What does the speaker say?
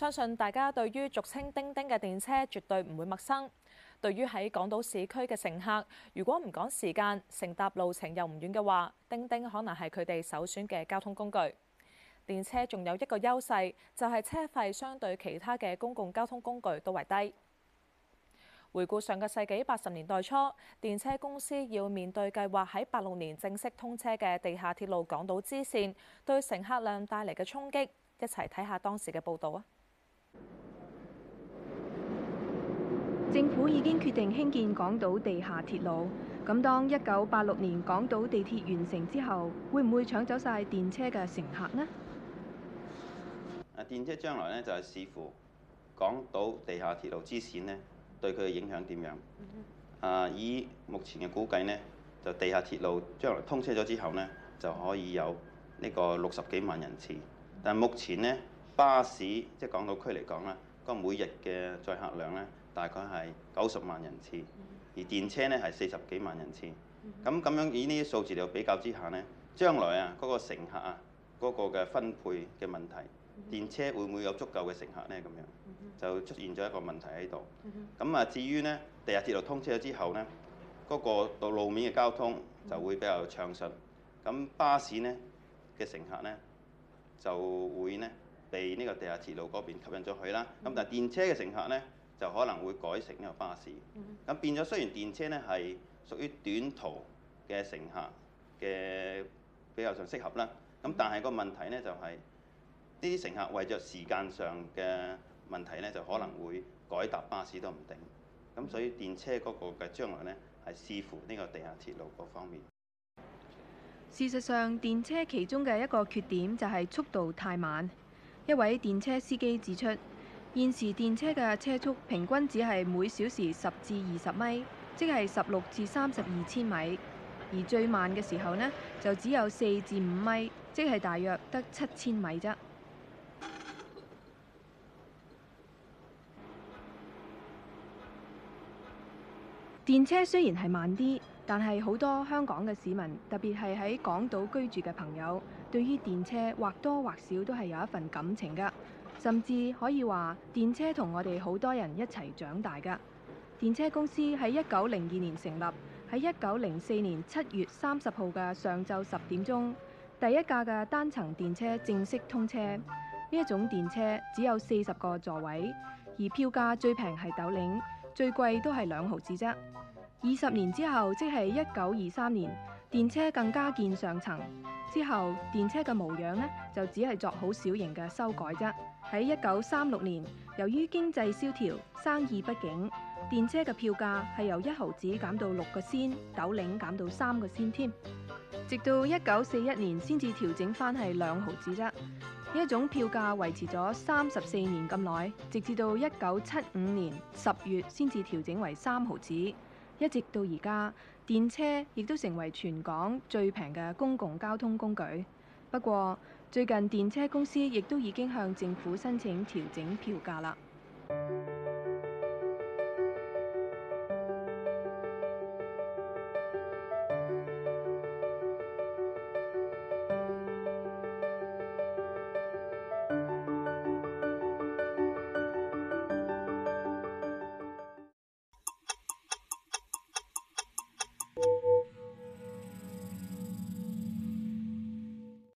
相信大家對於俗稱叮叮嘅電車絕對唔會陌生。對於喺港島市區嘅乘客，如果唔趕時間，乘搭路程又唔遠嘅話，叮叮可能係佢哋首選嘅交通工具。電車仲有一個優勢，就係車費相對其他嘅公共交通工具都為低。回顧上個世紀八十年代初，電車公司要面對計劃喺八六年正式通車嘅地下鐵路港島支線對乘客量帶嚟嘅衝擊，一齊睇下當時嘅報導啊！政府已經決定興建港島地下鐵路。咁當一九八六年港島地鐵完成之後，會唔會搶走晒電車嘅乘客呢？啊，電車將來呢就係視乎港島地下鐵路支線呢對佢嘅影響點樣。啊，以目前嘅估計呢，就地下鐵路將來通車咗之後呢，就可以有呢個六十幾萬人次。但目前呢巴士即係港島區嚟講啦，個每日嘅載客量呢，大概係九十萬人次，而電車咧係四十幾萬人次。咁咁樣以呢啲數字嚟比較之下咧，將來啊嗰個乘客啊嗰個嘅分配嘅問題，電車會唔會有足夠嘅乘客咧？咁樣就出現咗一個問題喺度。咁啊，至於咧地下鐵路通車咗之後咧，嗰個到路面嘅交通就會比較暢順。咁巴士咧嘅乘客咧就會咧被呢個地下鐵路嗰邊吸引咗去啦。咁但係電車嘅乘客咧，就可能會改乘呢個巴士，咁變咗雖然電車呢係屬於短途嘅乘客嘅比較上適合啦，咁但係個問題呢就係呢啲乘客為著時間上嘅問題呢，就可能會改搭巴士都唔定，咁所以電車嗰個嘅將來呢，係視乎呢個地下鐵路各方面。事實上，電車其中嘅一個缺點就係速度太慢。一位電車司機指出。現時電車嘅車速平均只係每小時十至二十米，即係十六至三十二千米；而最慢嘅時候呢，就只有四至五米，即係大約得七千米啫。電車雖然係慢啲，但係好多香港嘅市民，特別係喺港島居住嘅朋友，對於電車或多或少都係有一份感情㗎。甚至可以話電車同我哋好多人一齊長大㗎。電車公司喺一九零二年成立，喺一九零四年七月三十號嘅上晝十點鐘，第一架嘅單層電車正式通車。呢一種電車只有四十個座位，而票價最平係斗零，最貴都係兩毫紙啫。二十年之後，即係一九二三年。電車更加建上層之後，電車嘅模樣呢，就只係作好小型嘅修改啫。喺一九三六年，由於經濟蕭條，生意不景，電車嘅票價係由一毫子減到六個仙，斗零減到三個仙添。直到一九四一年先至調整翻係兩毫子啫。呢一種票價維持咗三十四年咁耐，直至到一九七五年十月先至調整為三毫子。一直到而家，電車亦都成為全港最平嘅公共交通工具。不過，最近電車公司亦都已經向政府申請調整票價啦。